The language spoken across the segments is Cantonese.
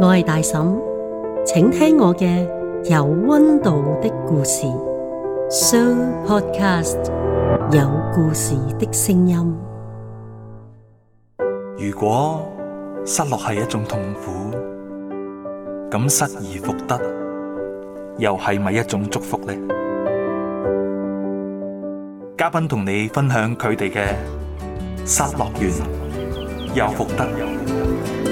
我係大嬸，請聽我嘅有温度的故事，Show Podcast 有故事的聲音。如果失落係一種痛苦，咁失而復得又係咪一種祝福呢？嘉賓同你分享佢哋嘅失落完又復得。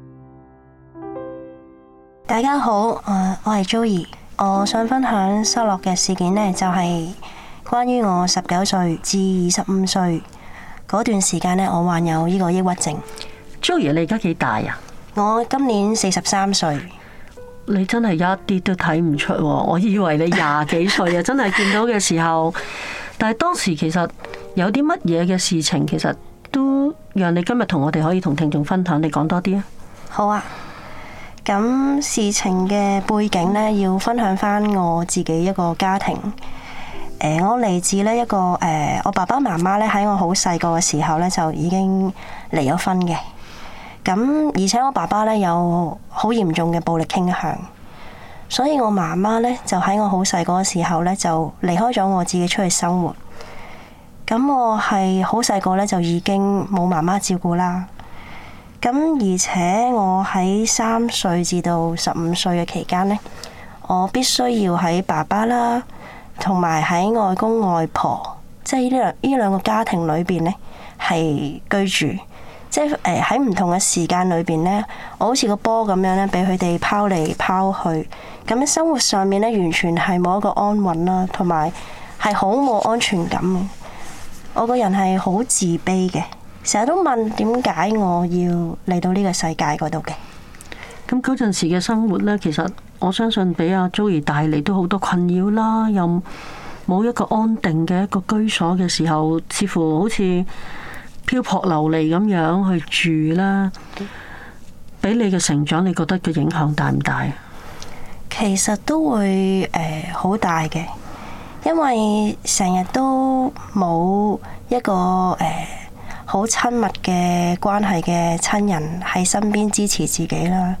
大家好，誒，我係 Joey，我想分享失落嘅事件呢就係關於我十九歲至二十五歲嗰段時間呢我患有呢個抑鬱症。Joey，你而家幾大啊？我今年四十三歲。你真係一啲都睇唔出，我以為你廿幾歲啊！真係見到嘅時候， 但係當時其實有啲乜嘢嘅事情，其實都讓你今日同我哋可以同聽眾分享，你講多啲啊！好啊。咁事情嘅背景呢，要分享翻我自己一個家庭。呃、我嚟自咧一個誒、呃，我爸爸媽媽咧喺我好細個嘅時候咧就已經離咗婚嘅。咁而且我爸爸咧有好嚴重嘅暴力傾向，所以我媽媽咧就喺我好細個嘅時候咧就離開咗我自己出去生活。咁我係好細個咧就已經冇媽媽照顧啦。咁而且我喺三歲至到十五歲嘅期間呢，我必須要喺爸爸啦，同埋喺外公外婆，即係呢兩呢兩個家庭裏邊呢，係居住。即係誒喺唔同嘅時間裏邊呢，我好似個波咁樣呢，俾佢哋拋嚟拋去。咁喺生活上面呢，完全係冇一個安穩啦，同埋係好冇安全感。我個人係好自卑嘅。成日都問點解我要嚟到呢個世界嗰度嘅？咁嗰陣時嘅生活呢，其實我相信俾阿 Joey 帶嚟都好多困擾啦。又冇一個安定嘅一個居所嘅時候，似乎好似漂泊流離咁樣去住啦。俾你嘅成長，你覺得嘅影響大唔大？其實都會誒好、呃、大嘅，因為成日都冇一個誒。呃好親密嘅關係嘅親人喺身邊支持自己啦，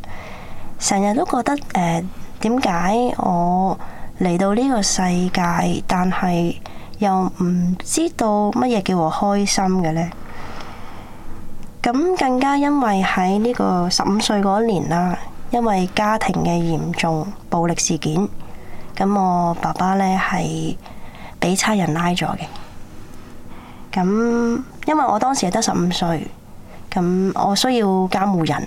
成日都覺得誒，點解我嚟到呢個世界，但係又唔知道乜嘢叫我開心嘅呢？咁更加因為喺呢個十五歲嗰年啦，因為家庭嘅嚴重暴力事件，咁我爸爸呢係俾差人拉咗嘅。咁、嗯，因為我當時係得十五歲，咁、嗯、我需要監護人，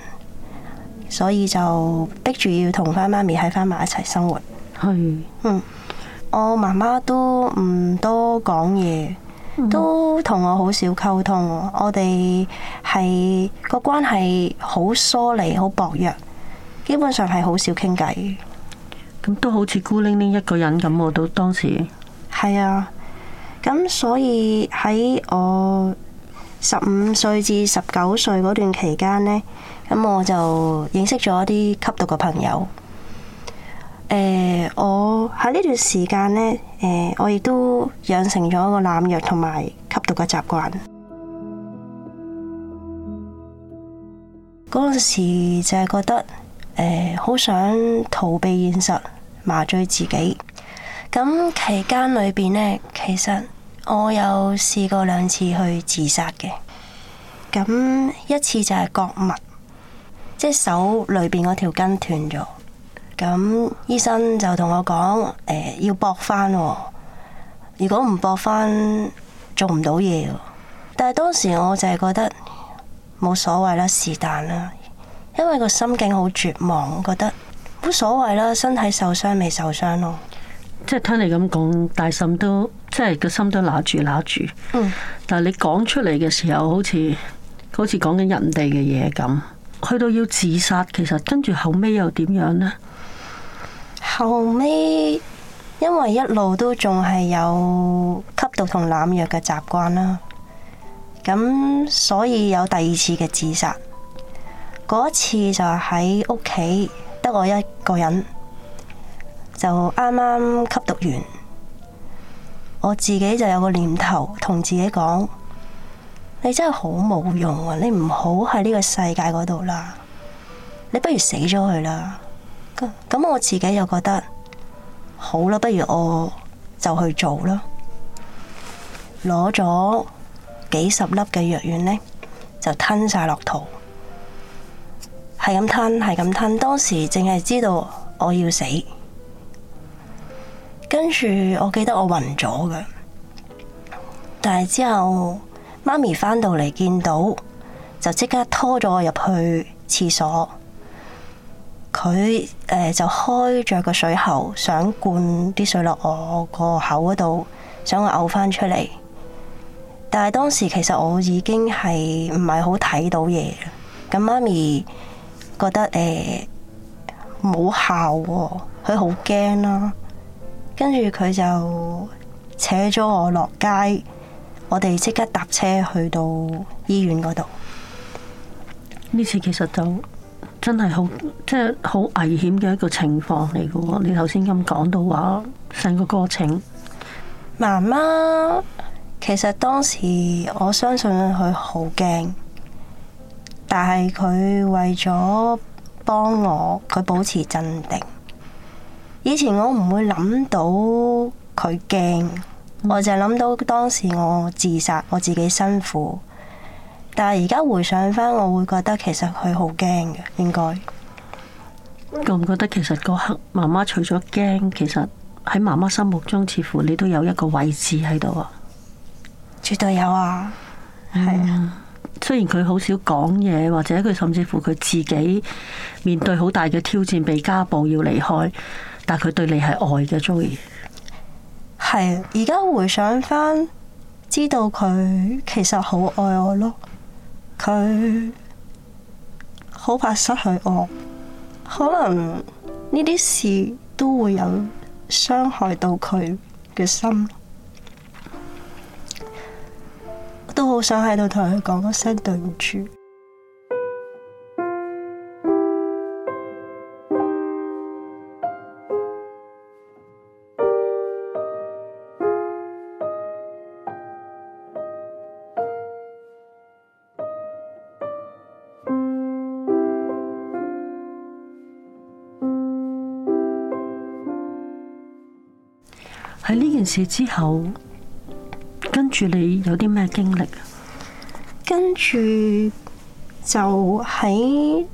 所以就逼住要同翻媽咪喺翻埋一齊生活。係是，嗯，我媽媽都唔多講嘢，嗯、都同我好少溝通，我哋係個關係好疏離、好薄弱，基本上係好少傾偈。咁都好似孤零零一個人咁我到當時。係啊。咁所以喺我十五歲至十九歲嗰段期間呢，咁我就認識咗一啲吸毒嘅朋友。誒，我喺呢段時間呢，誒，我亦都養成咗一個濫藥同埋吸毒嘅習慣。嗰陣時就係覺得誒，好想逃避現實，麻醉自己。咁期間裏邊呢，其實我有試過兩次去自殺嘅，咁一次就係割脈，即係手裏邊嗰條筋斷咗，咁醫生就同我講，誒、欸、要搏翻哦，如果唔搏翻做唔到嘢。但係當時我就係覺得冇所謂啦，是但啦，因為個心境好絕望，覺得冇所謂啦，身體受傷未受傷咯。即係聽你咁講，大心都即係個心都拿住拿住，但係你講出嚟嘅時候，好似好似講緊人哋嘅嘢咁，去到要自殺，其實跟住後尾又點樣呢？後尾，因為一路都仲係有吸毒同濫藥嘅習慣啦，咁所以有第二次嘅自殺。嗰一次就喺屋企，得我一個人。就啱啱吸毒完，我自己就有個念頭同自己講：你真係好冇用啊！你唔好喺呢個世界嗰度啦，你不如死咗佢啦。咁我自己又覺得好啦，不如我就去做啦。攞咗幾十粒嘅藥丸呢，就吞晒落肚，係咁吞，係咁吞，吞。當時淨係知道我要死。跟住我記得我暈咗嘅，但係之後媽咪返到嚟見到，就即刻拖咗我入去廁所，佢誒、呃、就開着個水喉，想灌啲水落我個口嗰度，想我嘔翻出嚟。但係當時其實我已經係唔係好睇到嘢，咁媽咪覺得誒冇效，佢、呃、好驚啦。跟住佢就扯咗我落街，我哋即刻搭車去到醫院嗰度。呢次其實就真係好即係好危險嘅一個情況嚟嘅。你頭先咁講到話成個過程，媽媽其實當時我相信佢好驚，但係佢為咗幫我，佢保持鎮定。以前我唔會諗到佢驚，我就諗到當時我自殺，我自己辛苦。但係而家回想翻，我會覺得其實佢好驚嘅，應該。覺唔覺得其實嗰刻媽媽除咗驚，其實喺媽媽心目中，似乎你都有一個位置喺度啊？絕對有啊，係啊、嗯。雖然佢好少講嘢，或者佢甚至乎佢自己面對好大嘅挑戰，被家暴要離開。但佢對你係愛嘅，Joey，係，而家回想返，知道佢其實好愛我咯，佢好怕失去我，可能呢啲事都會有傷害到佢嘅心，我都好想喺度同佢講一聲對唔住。喺呢件事之後，跟住，你有啲咩經歷？跟住，就喺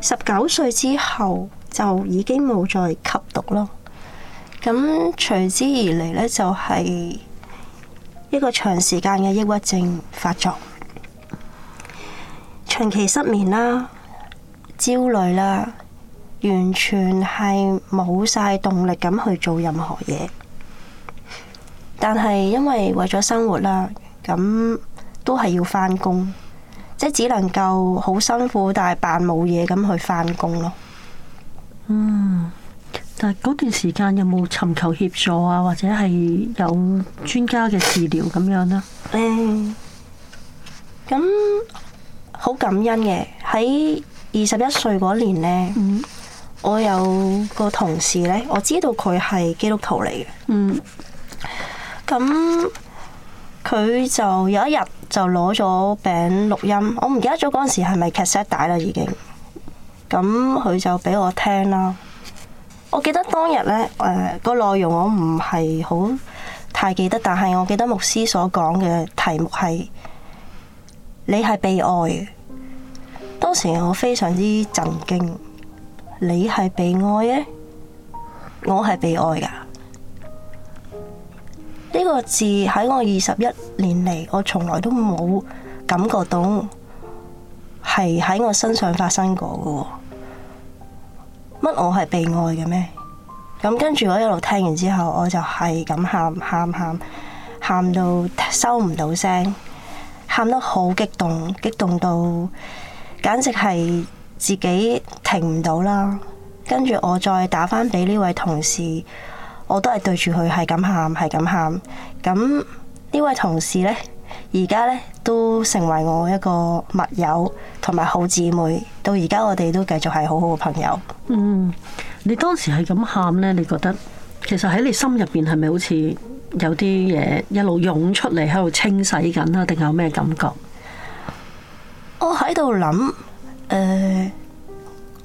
十九歲之後就已經冇再吸毒咯。咁隨之而嚟呢就係一個長時間嘅抑鬱症發作，長期失眠啦，焦慮啦，完全係冇晒動力咁去做任何嘢。但係因為為咗生活啦，咁都係要翻工，即係只能夠好辛苦，但係扮冇嘢咁去翻工咯。嗯，但係嗰段時間有冇尋求協助啊，或者係有專家嘅治療咁樣呢？誒、嗯，咁好感恩嘅喺二十一歲嗰年呢，嗯、我有個同事呢，我知道佢係基督徒嚟嘅。嗯。咁佢就有一日就攞咗餅錄音，我唔記得咗嗰陣時係咪 cassette 帶啦已經。咁佢就俾我聽啦。我記得當日呢，誒個內容我唔係好太記得，但係我記得牧師所講嘅題目係你係被愛嘅。當時我非常之震驚，你係被愛吖，我係被愛噶。呢個字喺我二十一年嚟，我從來都冇感覺到係喺我身上發生過嘅。乜我係被愛嘅咩？咁跟住我一路聽完之後，我就係咁喊喊喊喊到收唔到聲，喊得好激動，激動到簡直係自己停唔到啦。跟住我再打返俾呢位同事。我都係對住佢係咁喊，係咁喊。咁呢位同事呢，而家呢，都成為我一個密友同埋好姊妹。到而家我哋都繼續係好好嘅朋友。嗯，你當時係咁喊呢？你覺得其實喺你心入邊係咪好似有啲嘢一路湧出嚟，喺度清洗緊啊？定有咩感覺？我喺度諗，誒、呃，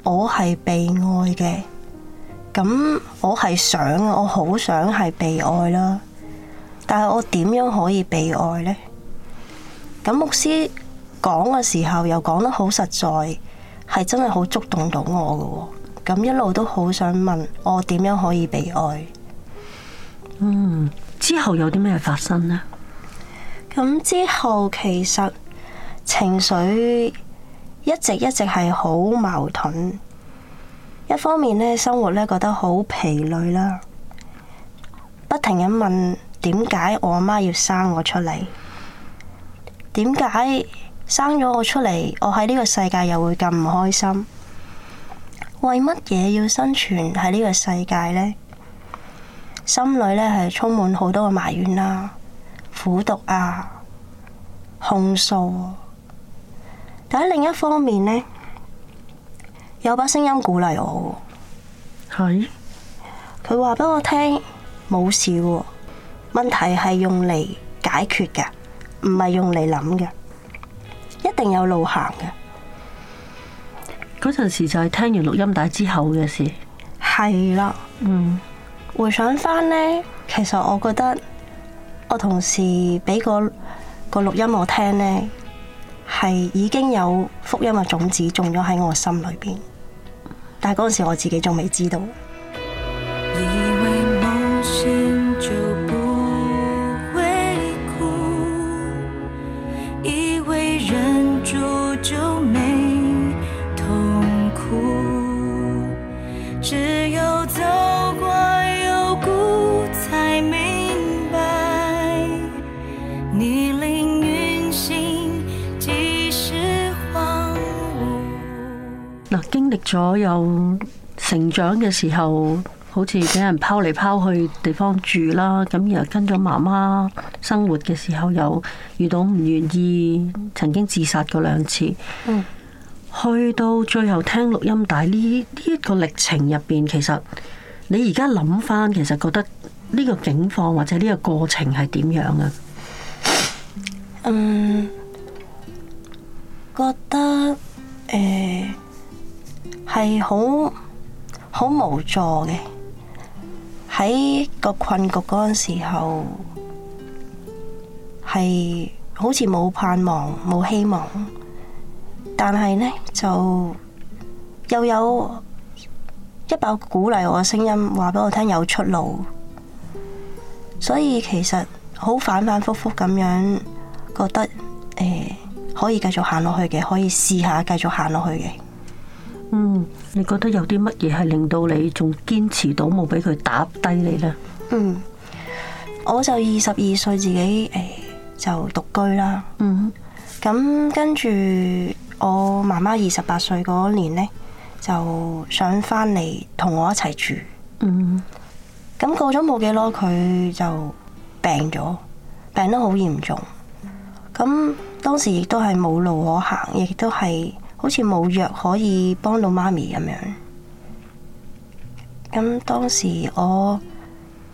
我係被愛嘅。咁我係想，我好想係被愛啦，但係我點樣可以被愛呢？咁牧師講嘅時候又講得好實在，係真係好觸動到我嘅喎。咁一路都好想問我點樣可以被愛。嗯，之後有啲咩發生呢？咁之後其實情緒一直一直係好矛盾。一方面咧，生活咧覺得好疲累啦，不停咁問點解我阿媽要生我出嚟？點解生咗我出嚟，我喺呢個世界又會咁唔開心？為乜嘢要生存喺呢個世界呢？心裏咧，係充滿好多嘅埋怨啦、苦毒啊、控訴。但喺另一方面呢，有把聲音鼓勵我，係佢話俾我聽，冇事喎，問題係用嚟解決嘅，唔係用嚟諗嘅，一定有路行嘅。嗰陣時就係聽完錄音帶之後嘅事，係啦的，嗯，回想翻呢，其實我覺得我同事俾個個錄音我聽呢。係已經有福音嘅種子種咗喺我心裏邊，但係嗰陣時我自己仲未知道。左右成長嘅時候，好似畀人拋嚟拋去地方住啦，咁又跟咗媽媽生活嘅時候，又遇到唔願意，曾經自殺過兩次。嗯，去到最後聽錄音帶呢呢一個歷程入邊，其實你而家諗返，其實覺得呢個境況或者呢個過程係點樣啊？嗯，覺得誒。欸係好好無助嘅，喺個困局嗰陣時候，係好似冇盼望、冇希望，但係呢，就又有一把鼓勵我嘅聲音話俾我聽，有出路。所以其實好反反復復咁樣覺得，誒、呃、可以繼續行落去嘅，可以試下繼續行落去嘅。嗯，你覺得有啲乜嘢係令到你仲堅持到冇俾佢打低你呢？嗯，我就二十二歲自己誒、哎、就獨居啦。嗯哼，咁跟住我媽媽二十八歲嗰年呢，就想翻嚟同我一齊住。嗯哼，咁過咗冇幾耐，佢就病咗，病得好嚴重。咁當時亦都係冇路可行，亦都係。好似冇藥可以幫到媽咪咁樣，咁當時我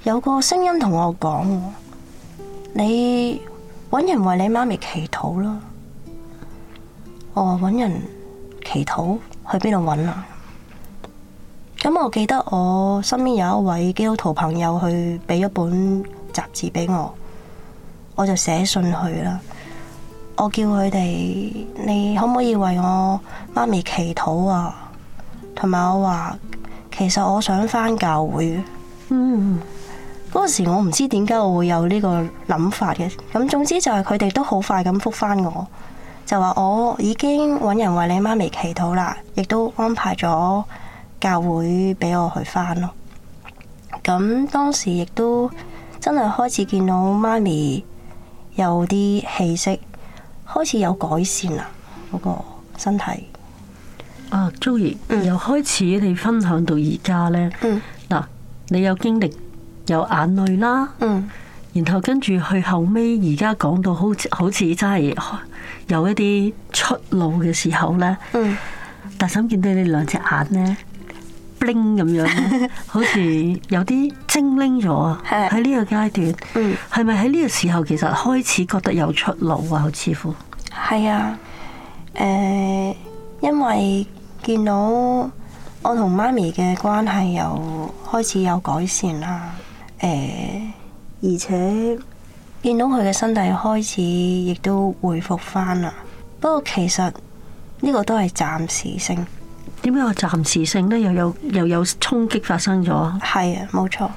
有個聲音同我講：你揾人為你媽咪祈禱啦。我話搵人祈禱，去邊度揾啊？咁我記得我身邊有一位基督徒朋友，去俾一本雜誌俾我，我就寫信去啦。我叫佢哋，你可唔可以為我媽咪祈禱啊？同埋我話，其實我想返教會。嗯，嗰時我唔知點解我會有呢個諗法嘅。咁總之就係佢哋都好快咁覆返我，就話，我已經揾人為你媽咪祈禱啦，亦都安排咗教會俾我去返咯。咁當時亦都真係開始見到媽咪有啲氣息。開始有改善啦，嗰、那個身體。啊、uh,，Joey，由、mm. 開始你分享到而家咧，嗱、mm.，你有經歷有眼淚啦，mm. 然後跟住去後尾，而家講到好似好似真係有一啲出路嘅時候咧。Mm. 但係咁見到你兩隻眼咧，冰咁樣，好似有啲精靈咗啊！喺呢、mm. 個階段，係咪喺呢個時候其實開始覺得有出路啊？好似乎？係啊，誒、呃，因為見到我同媽咪嘅關係又開始有改善啦，誒、呃，而且見到佢嘅身體開始亦都回復翻啦。不過其實呢個都係暫時性。點解話暫時性呢？又有又有衝擊發生咗？係啊，冇錯。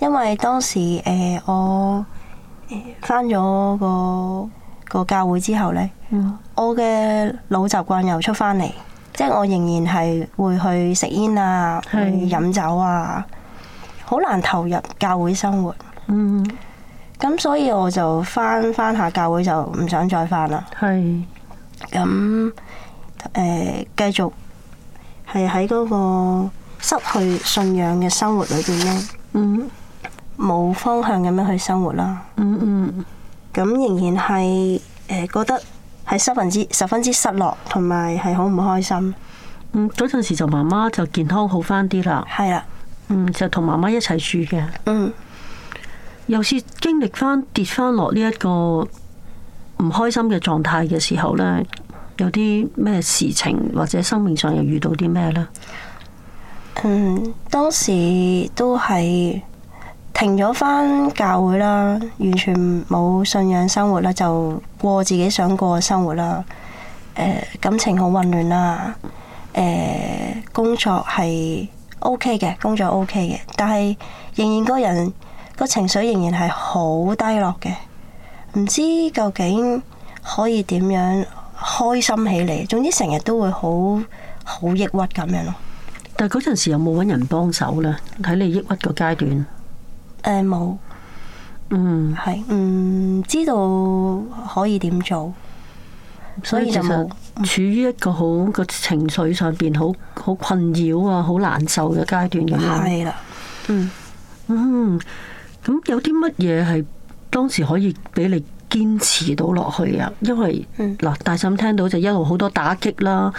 因為當時誒、呃、我誒翻咗個。個教會之後呢，嗯、我嘅老習慣又出返嚟，即係我仍然係會去食煙啊，去飲酒啊，好是難投入教會生活。嗯，咁所以我就翻翻下教會就唔想再翻啦。係是，咁誒繼續係喺嗰個失去信仰嘅生活裏邊咧，冇、嗯、方向咁樣去生活啦、嗯。嗯嗯。咁仍然係誒、呃，覺得係十分之十分之失落，同埋係好唔開心。嗯，嗰陣時就媽媽就健康好翻啲啦。係啊的，嗯，就同媽媽一齊住嘅。嗯，又是經歷翻跌翻落呢一個唔開心嘅狀態嘅時候呢，有啲咩事情或者生命上又遇到啲咩呢？嗯，當時都係。停咗返教會啦，完全冇信仰生活啦，就過自己想過嘅生活啦。感情好混亂啦。誒，工作係 OK 嘅，工作 OK 嘅，但係仍然個人個情緒仍然係好低落嘅。唔知究竟可以點樣開心起嚟，總之成日都會好好抑鬱咁樣咯。但係嗰陣時有冇搵人幫手呢？喺你抑鬱個階段。誒，冇、嗯，嗯，係，唔知道可以點做，所以就處於一個好個、嗯、情緒上邊，好好困擾啊，好難受嘅階段咁樣，係啦，嗯嗯，咁有啲乜嘢係當時可以俾你堅持到落去啊？因為嗱、嗯，大嬸聽到就一路好多打擊啦，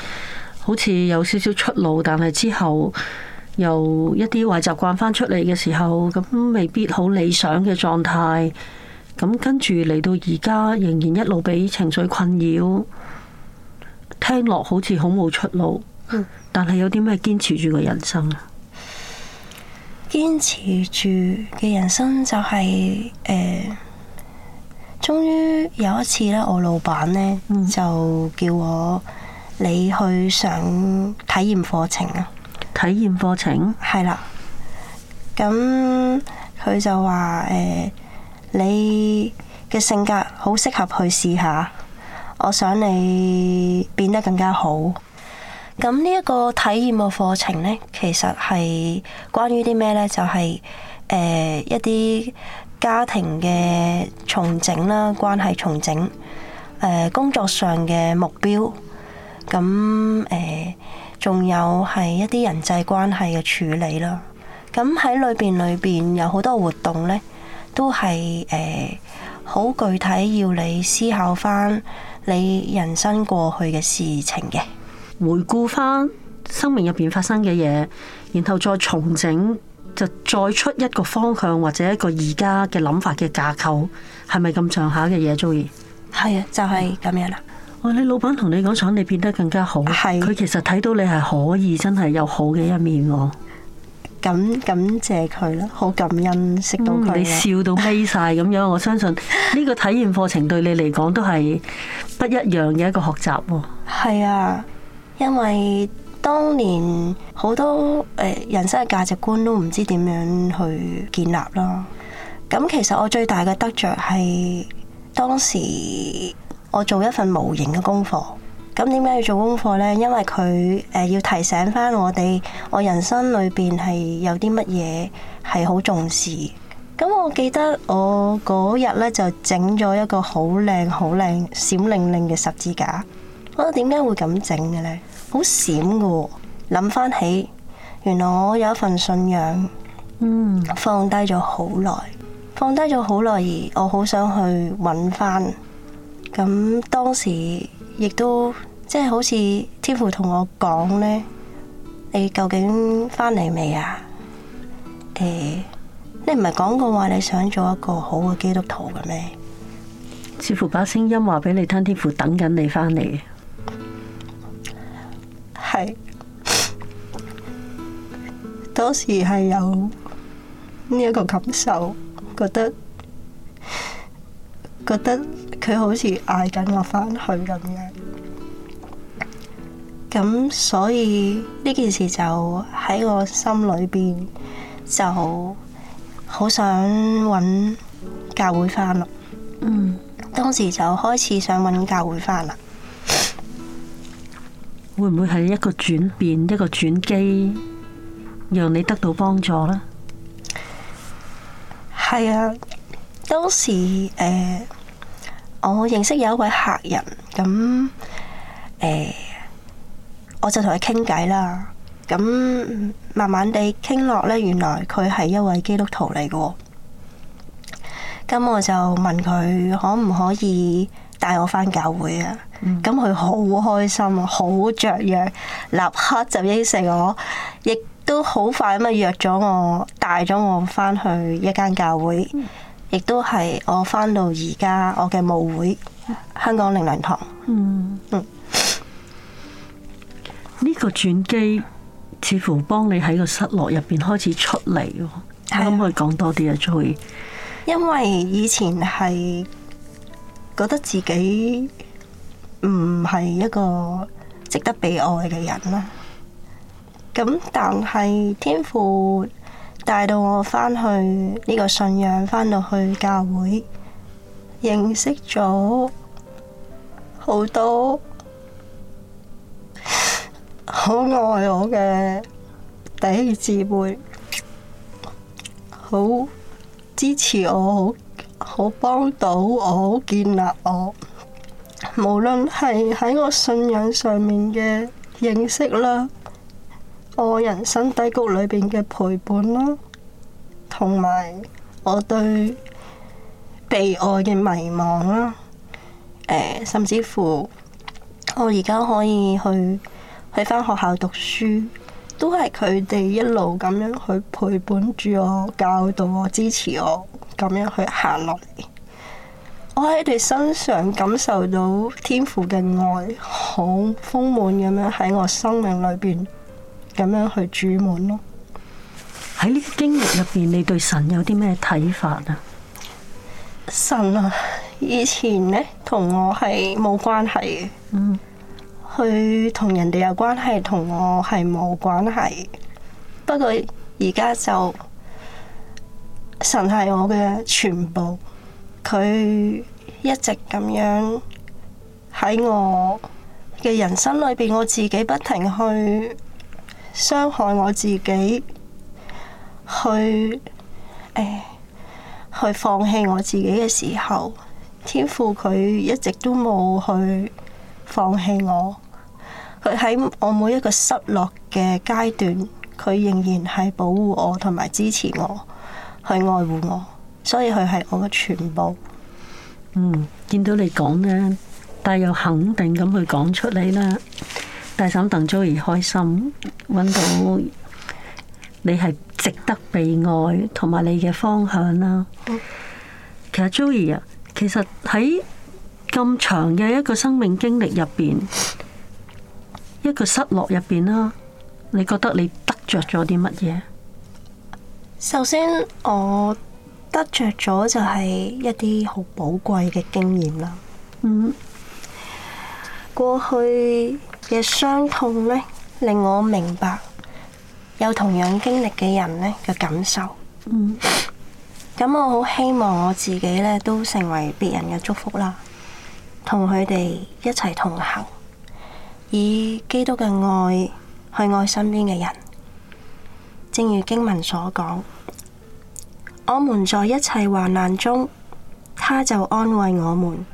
好似有少少出路，但係之後。由一啲壞習慣返出嚟嘅時候，咁未必好理想嘅狀態。咁跟住嚟到而家，仍然一路俾情緒困擾，聽落好似好冇出路。但係有啲咩堅持住嘅人生？堅持住嘅人生就係、是、誒、呃，終於有一次咧，我老闆呢，就叫我你去上體驗課程啊。體驗課程係啦，咁佢就話誒、呃，你嘅性格好適合去試下，我想你變得更加好。咁呢一個體驗嘅課程呢，其實係關於啲咩呢？就係、是、誒、呃、一啲家庭嘅重整啦，關係重整，誒、呃、工作上嘅目標，咁誒。呃仲有係一啲人際關係嘅處理啦，咁喺裏邊裏邊有好多活動呢，都係誒好具體要你思考翻你人生過去嘅事情嘅，回顧翻生命入邊發生嘅嘢，然後再重整，就再出一個方向或者一個而家嘅諗法嘅架構。係咪咁上下嘅嘢？中意係啊，就係、是、咁樣啦。嗯你老闆同你講，想你變得更加好，佢是其實睇到你係可以真係有好嘅一面喎。感感謝佢啦，好感恩識到佢、嗯。你笑到眯晒咁樣， 我相信呢個體驗課程對你嚟講都係不一樣嘅一個學習喎。係啊，因為當年好多誒人生嘅價值觀都唔知點樣去建立囉。咁其實我最大嘅得着係當時。我做一份模型嘅功課，咁點解要做功課呢？因為佢誒、呃、要提醒翻我哋，我人生裏邊係有啲乜嘢係好重視。咁我記得我嗰日呢，就整咗一個好靚、好靚、閃靈靈嘅十字架。我點解會咁整嘅呢？好閃嘅。諗翻起，原來我有一份信仰，嗯，放低咗好耐，放低咗好耐，而我好想去揾翻。咁當時亦都即係好似天父同我講呢：「你究竟返嚟未啊？誒，uh，你唔係講過話你想做一個好嘅基督徒嘅咩？似乎把聲音話俾你聽，天父等緊你返嚟。」係當時係有呢一個感受，覺得。覺得佢好似嗌緊我返去咁樣，咁所以呢件事就喺我心裏邊就好想揾教會返啦。嗯，當時就開始想揾教會返啦。會唔會係一個轉變，一個轉機，讓你得到幫助呢？係啊，當時誒。呃我認識有一位客人，咁誒、欸，我就同佢傾偈啦。咁慢慢地傾落咧，原來佢係一位基督徒嚟嘅。咁我就問佢可唔可以帶我返教會啊？咁佢好開心啊，好雀躍，立刻就應承我，亦都好快咁啊約咗我，帶咗我返去一間教會。嗯亦都係我翻到而家，我嘅舞會， 香港靈糧堂。嗯嗯，呢 個轉機似乎幫你喺個失落入邊開始出嚟。咁、哎、呀我可唔可以講多啲啊，Joy。因為以前係覺得自己唔係一個值得被愛嘅人啦。咁但係天父。帶到我返去呢，這個信仰，返到去教會，認識咗好多好愛我嘅弟兄姊妹，好支持我，好好幫到我，建立我，無論係喺我信仰上面嘅認識啦。我人生低谷裏邊嘅陪伴啦，同埋我對被愛嘅迷茫啦、呃，甚至乎我而家可以去去翻學校讀書，都係佢哋一路咁樣去陪伴住我、教導我、支持我，咁樣去行落嚟。我喺佢哋身上感受到天父嘅愛，好豐滿咁樣喺我生命裏邊。咁樣去主滿咯。喺呢個經歷入邊，你對神有啲咩睇法啊？神啊，以前呢，同我係冇關係嘅，嗯，佢同人哋有關係，同我係冇關係。不過而家就神係我嘅全部，佢一直咁樣喺我嘅人生裏邊，我自己不停去。傷害我自己，去、哎、去放棄我自己嘅時候，天父佢一直都冇去放棄我。佢喺我每一個失落嘅階段，佢仍然係保護我同埋支持我，去愛護我。所以佢係我嘅全部。嗯，見到你講呢，但又肯定咁去講出嚟啦。大嬸等 Joey 開心，揾到你係值得被愛，同埋你嘅方向啦。好其實 Joey 啊，其實喺咁長嘅一個生命經歷入邊，一個失落入邊啦，你覺得你得着咗啲乜嘢？首先，我得着咗就係一啲好寶貴嘅經驗啦。嗯，過去。嘅傷痛呢，令我明白有同樣經歷嘅人呢嘅感受。嗯，咁我好希望我自己呢都成為別人嘅祝福啦，同佢哋一齊同行，以基督嘅愛去愛身邊嘅人。正如經文所講，我們在一切患難中，他就安慰我們，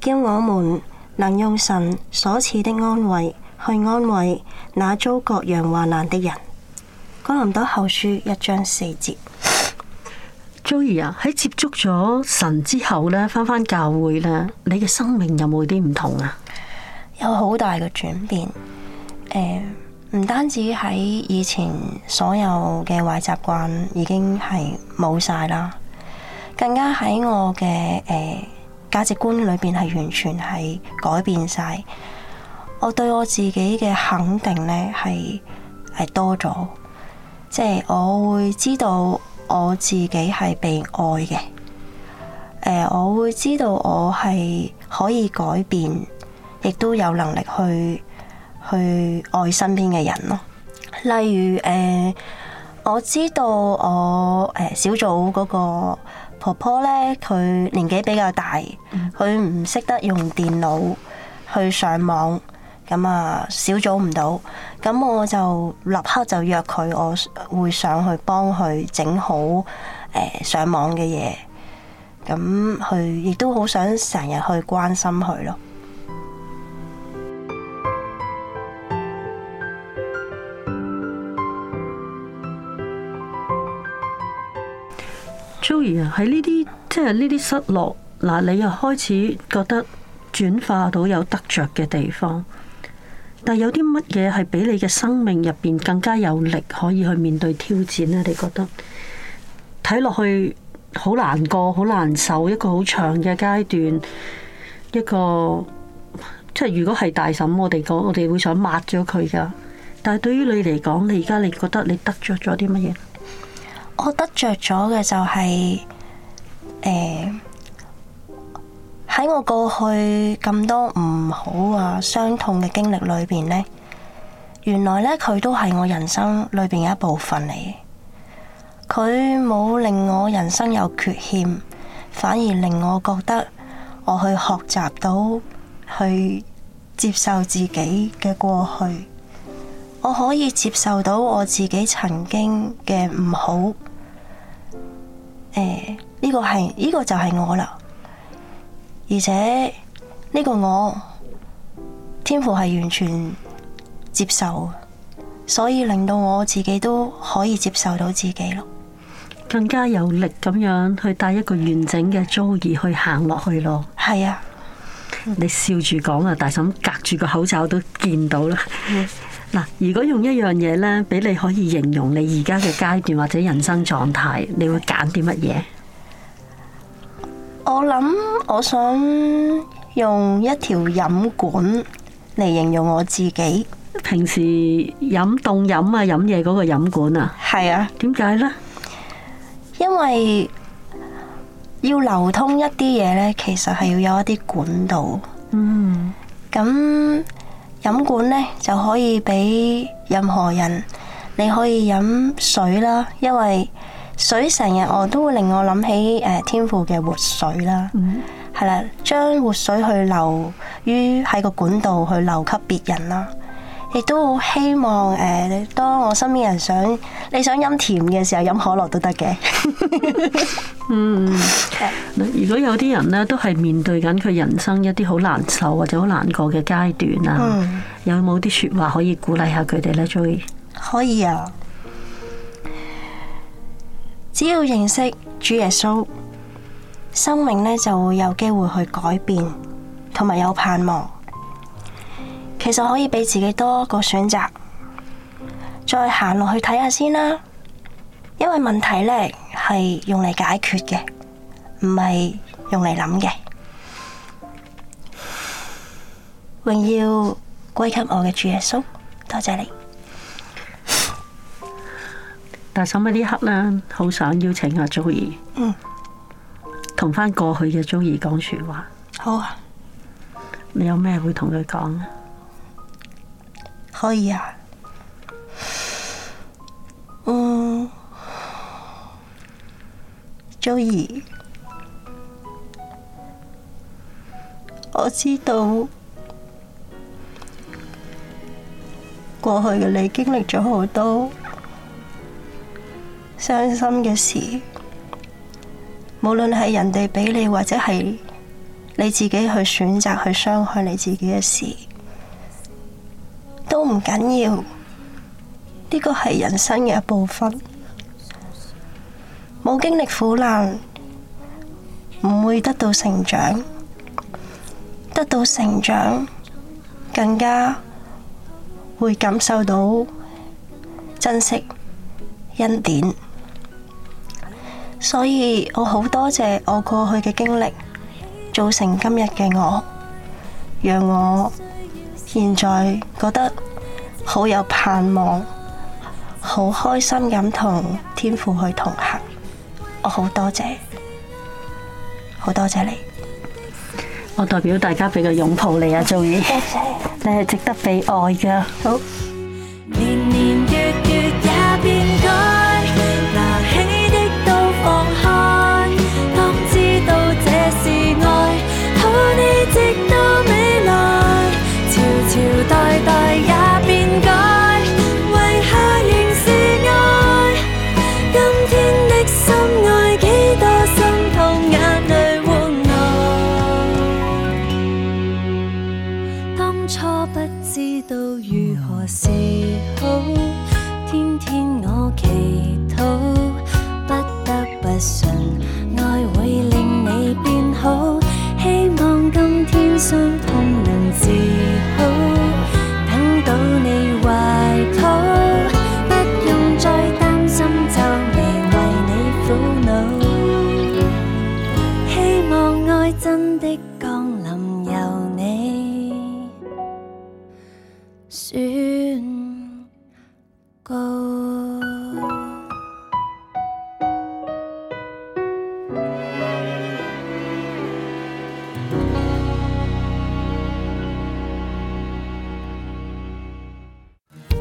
叫我們。能用神所賜的安慰去安慰那遭各樣患難的人。哥林多後書一章四節。Joey 啊,喺接觸咗神之後呢,翻返教會咧,你嘅生命有冇啲唔同啊？有好大嘅轉變。誒、欸，唔單止喺以前所有嘅壞習慣已經係冇晒啦,更加喺我嘅誒。欸價值觀裏邊係完全係改變晒，我對我自己嘅肯定呢，係係多咗，即係我會知道我自己係被愛嘅，誒，我會知道我係可以改變，亦都有能力去去愛身邊嘅人咯，例如誒、呃，我知道我誒、呃、小組嗰個。婆婆咧，佢年紀比較大，佢唔識得用電腦去上網，咁啊小組唔到，咁我就立刻就約佢，我會上去幫佢整好、呃、上網嘅嘢，咁佢亦都好想成日去關心佢咯。喺呢啲即係呢啲失落，嗱你又開始覺得轉化到有得着嘅地方，但係有啲乜嘢係比你嘅生命入邊更加有力可以去面對挑戰呢？你覺得睇落去好難過、好難受，一個好長嘅階段，一個即係如果係大嬸，我哋講我哋會想抹咗佢㗎，但係對於你嚟講，你而家你覺得你得着咗啲乜嘢？我得着咗嘅就係誒，喺我過去咁多唔好啊、傷痛嘅經歷裏邊呢，原來呢，佢都係我人生裏邊一部分嚟嘅。佢冇令我人生有缺陷，反而令我覺得我去學習到去接受自己嘅過去。我可以接受到我自己曾經嘅唔好，誒、呃，呢、這個係呢、這個就係我啦。而且呢、這個我天父係完全接受，所以令到我自己都可以接受到自己咯，更加有力咁樣去帶一個完整嘅遭遇去行落去咯。係啊，你笑住講啊，大嬸隔住個口罩都見到啦。 如果用一樣嘢呢，俾你可以形容你而家嘅階段或者人生狀態，你會揀啲乜嘢？我諗，我想用一條飲管嚟形容我自己。平時飲凍飲啊，飲嘢嗰個飲管啊？係啊。點解呢？因為要流通一啲嘢呢，其實係要有一啲管道。嗯。咁。飲管咧，就可以俾任何人，你可以飲水啦，因為水成日我都會令我諗起誒、呃、天父嘅活水啦，係啦、嗯，將活水去留於喺個管道去留給別人啦。亦都好希望，誒，當我身邊人想你想飲甜嘅時候，飲可樂都得嘅。嗯，如果有啲人呢，都係面對緊佢人生一啲好難受或者好難過嘅階段啊，嗯、有冇啲說話可以鼓勵下佢哋呢？Joy，可以啊，只要認識主耶穌，生命呢就會有機會去改變，同埋有盼望。其實可以俾自己多個選擇，再行落去睇下先啦。因為問題咧，係用嚟解決嘅，唔係用嚟諗嘅。榮耀歸給我嘅主耶穌，多謝你。但係喺呢一刻咧，好想邀請阿 Joey，嗯，同翻過去嘅 Joey 講說話。好啊，你有咩會同佢講？可以啊，嗯，Joey，我知道過去嘅你經歷咗好多傷心嘅事，無論係人哋畀你，或者係你自己去選擇去傷害你自己嘅事。都唔緊要，呢個係人生嘅一部分。冇經歷苦難，唔會得到成長；得到成長，更加會感受到珍惜恩典。所以我好多謝我過去嘅經歷，造成今日嘅我，讓我現在覺得。好有盼望，好開心咁同天父去同行，我好多謝，好多謝你，我代表大家俾個擁抱多謝你啊，祖兒，你係值得被愛㗎，好。